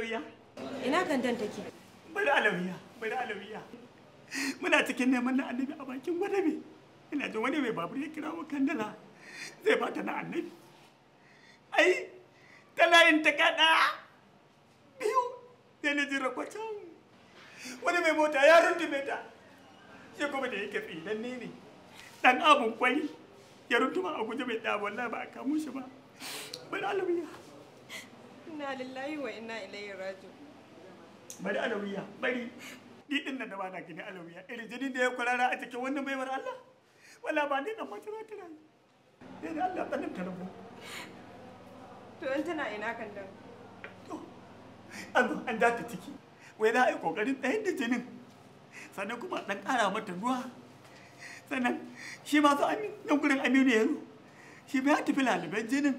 alawiya ina gandan take bari alawiya bari alawiya muna cikin neman na annabi a bakin gwadabe ina jin wani mai babur ya kira wa kandala zai fata na annabi ai layin ta kada biyu sai na jira kwacan wani mai mota ya rundume ta shi kuma da yake tsidan ne ne dan abun kwai ya runtuma a guje mai da wallahi ba a kamo shi ba bari alawiya inna lillahi wa inna ilaihi raji'un bari alawiya bari ni din nan da ba na gani alawiya irin jinin da ya kurara a cikin wannan baiwar Allah wala ba ni dan mace za ta rayu sai da Allah tsanin ta rabu to in tana ina kan dan to an an da ta ciki wai za a yi kokarin ɗayan da jinin sannan kuma dan ƙara mata ruwa sannan shi ma zo amin nan gurin aminu ya zo shi ma ya tafi laliban jinin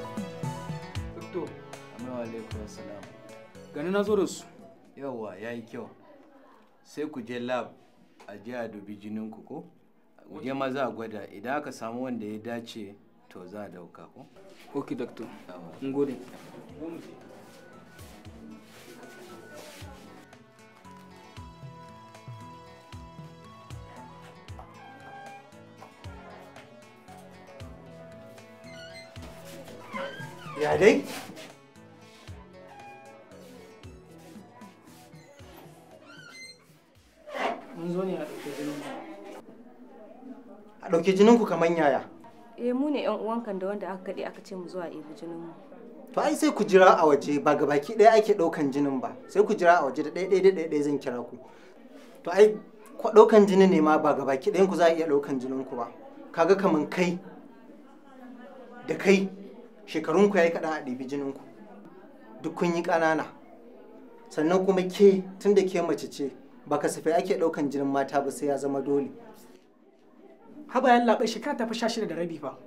gani na zo da su yawwa ya yi kyau sai ku je lab a je a dubi ku ko je ma za a gwada idan aka samu wanda ya dace to za a dauka ko ok doctor mun gode ya dai mun zo ne a ɗauke jinin a ɗauke ku kamar yaya e mu ne yan uwankan da wanda aka kaɗe aka ce mu zuwa ɗebi jinin mu to ai sai ku jira a waje ba ga baki ɗaya ake ɗaukan jinin ba sai ku jira a waje da ɗaya ɗaya ɗaya zan kira ku to ai ɗaukan jinin ne ma ba ga baki ɗayan ku za a iya ɗaukan jinin ku ba kaga kamar kai da kai shekarun ku yi kaɗan a ɗebi jinin ku duk kun yi ƙanana sannan kuma ke tun da ke mace ce ba kasafai ake ɗaukan jinin mata ba sai ya zama dole haba yan labai shekara ta fi sha shida da rabi fa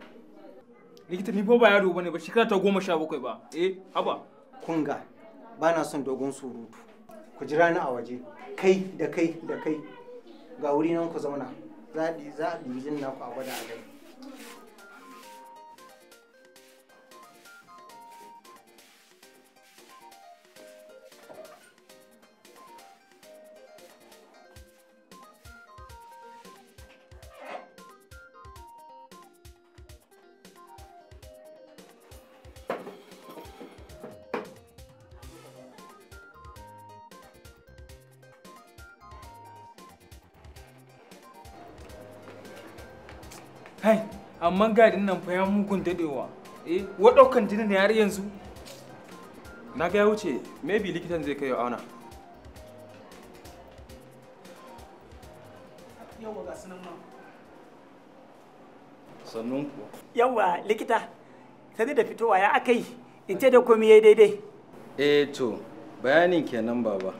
likita ni ba yaro bane ba shekara ta goma sha bakwai ba eh haba kunga ba na son dogon surutu ku jira ni a waje kai da kai da kai ga wuri nan ku zauna za a ɗibi jin naku a gwada a gani Kai, amma gadin nan fa ya mugun dadewa. Eh, wa daukan jinin har yanzu. Na ga ya wuce, maybe likitan zai kai auna. Yawwa ga sunan ma. Sannun ku. yawa likita, sai da fitowa ya akai. In ce da komai yayi daidai. Eh to, bayanin kenan baba ba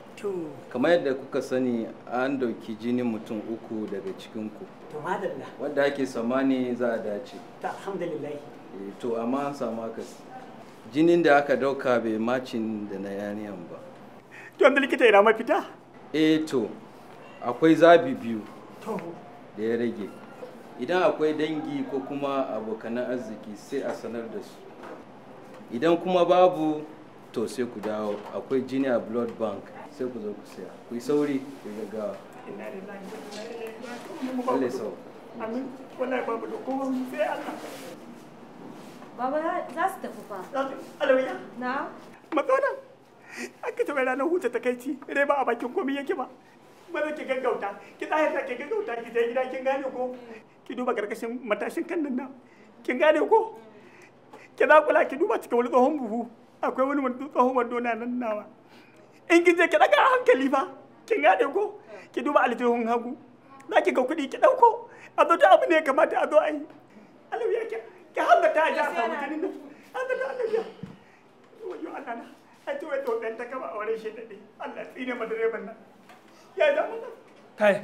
kamar yadda kuka sani an dauki jinin mutum uku daga cikin ku wanda ake samani za a dace eh, to amma an samu aka jinin da aka dauka bai macin da na yaniyan ba to da likita ina mafita eh to akwai zabi biyu da ya rage idan akwai dangi ko kuma abokanan arziki sai a sanar da su idan kuma babu to sai ku dawo akwai junior blood bank sai ku zo ku siya ku yi sauri ku yi gaggawa Allah sau amin tafi taɓa ranar huta ta kai ci rai ba a bakin komi yake ba maza ki gaggauta ki tsaye ta ki gaggauta ki je gida kin gane ko ki duba karkashin matashin kan nan kin gane ko ki za kula ki duba cikin wani tsohon buhu akwai wani wani tsohon wando na nan nawa in kin je ki daga hankali fa kin gane ko ki duba aljihun hagu za ki ga kuɗi ki ɗauko a zo ta abu ne kamata a zo a yi alawiya ki ki hallata a ji a samu jinin da hallata alawiya wayo Allah na ai to to dan ta kama auren shi dade Allah tsine ma direban nan ya da mun kai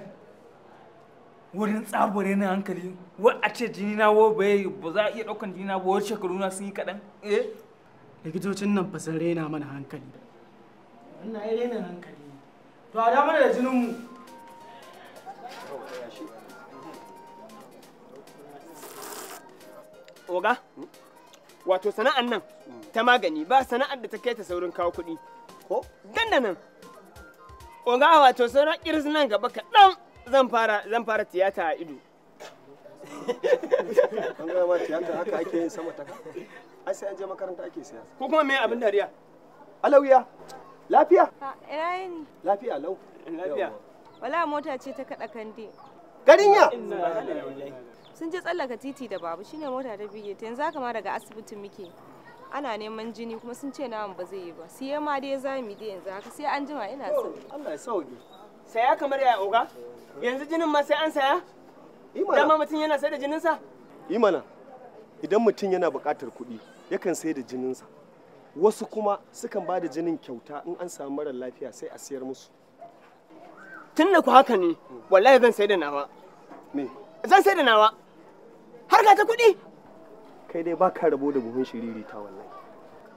wurin tsabure na hankali wa a ce jini na wo bai ba za a iya daukan jini na ba wace shekaru na sun yi kadan eh likitocin nan fasar rena mana hankali wannan ya rena hankali to a damar da jinin mu oga wato sana'an nan ta magani ba sana'ar da ta kai ta saurin kawo kuɗi ko dandanan oga wato sauran iris nan gaba kaɗan zan fara zan fara tiyata a ido an gama tiyata haka ake yin sama ta ai sai an je makaranta ake saya ko kuma me abin dariya alawiya lafiya ina yini lafiya lau lafiya wala mota ce ta kada kande garinya sun je tsallaka titi da babu shine mota ta bige ta yanzu haka ma daga asibitin muke ana neman jini kuma sun ce naman ba zai yi ba sai ma dai za mu dai yanzu haka sai an jima ina son Allah ya sauke saya kamar ya oga yanzu jinin ma sai an saya dama mutum yana sai da jininsa imana idan mutum yana buƙatar kuɗi yakan sai da jininsa wasu kuma sukan ba da jinin kyauta in an samu marar lafiya sai a siyar musu tun da ku haka ne wallahi zan sai da nawa me zan sai da nawa har ka ta kuɗi kai dai baka rabo da buhun shiriri ta wallahi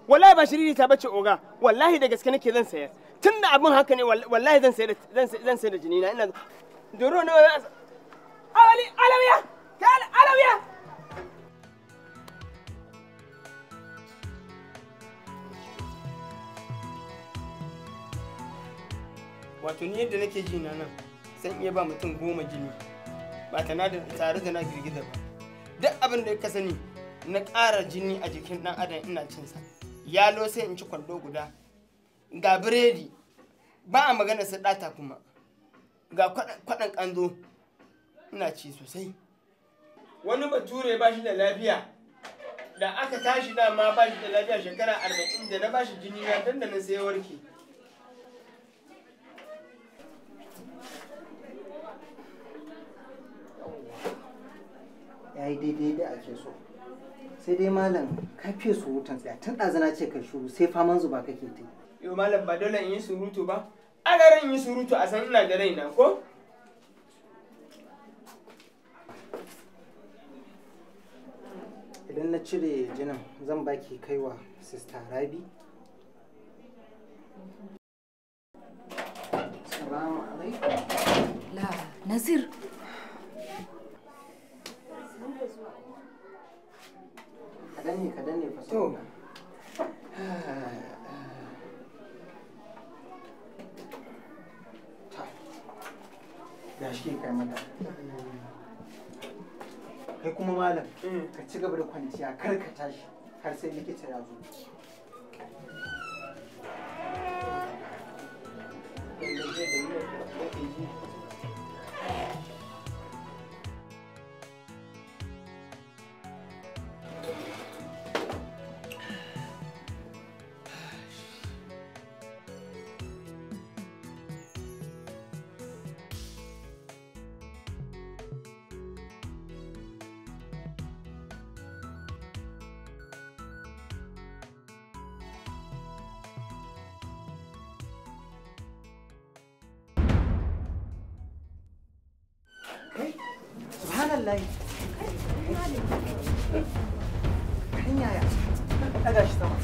wallahi ba shiriri ta bace oga wallahi da gaske nake zan sayar tun da abin haka ne wallahi zan sayar zan sayar da jinina ina doro ne alawiya alawiya wato ni yadda nake ji na nan zan iya ba mutum goma jini ba tare da na girgiza ba duk abin da ka sani na kara jini a jikin ɗan adam ina cinsa yalo sai in ci kwando guda ga biredi ba a magana su ɗata kuma ga kwaɗan ƙanzo ina ci sosai wani bature ba shi da lafiya da aka tashi dama ba shi da lafiya shekara arba'in da na ba shi jini na dandanin sai warke daidai da ake so sai dai malam ka su surutan tsaya tun ɗazana ce ka shuru sai faman zuba kake ta yo malam ba dole in yi surutu ba a garin yi surutu a san ina da raina ko idan na cire jinin zan baki kaiwa sista rabi nazir To. Ga kai mata. Kai kuma malam, mm. ka ci gaba da kwanciya kar ka tashi har sai likita ya zo. Thank you. wallahi hanya ya daga shi sama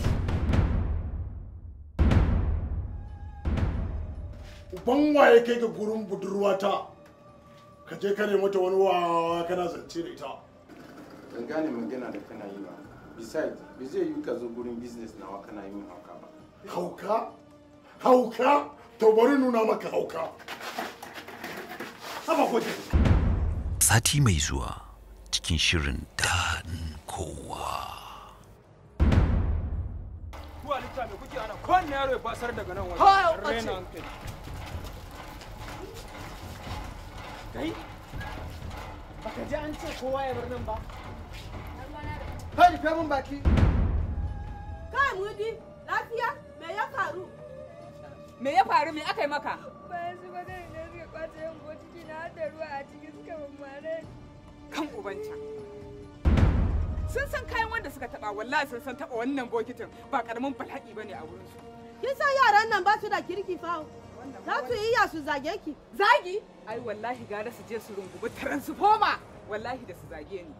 uban waye kai ga gurin budurwata ka je ka mata wani wawa kana zance da ita ban gane magana da kana yi ba besides bai zai yi ka zo gurin business nawa kana yi min hauka ba hauka hauka to bari nuna maka hauka haba kwaje sati mai zuwa cikin shirin daɗin kowa. Kuwa lita mai kuke ana kowanne yaro ya basar daga nan wajen rena hankali. Kai, baka ji an ce kowa ya bar nan ba? Kai, mun baki. Kai, Mudi, lafiya? Me ya faru? Me ya faru? Me aka yi maka? bayan su magana ne suka kwace yin botiki na da ruwa a cikin suka mamare kan ubancan sun san kayan wanda suka taba wallahi sun san taba wannan bokitin ba karamin bala'i bane a wurin su kin san yaran nan ba su da kirki fa za su iya su zage ki zagi ai wallahi gara su je su rungubi transformer wallahi da su zage ni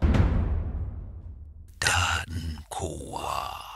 dan kowa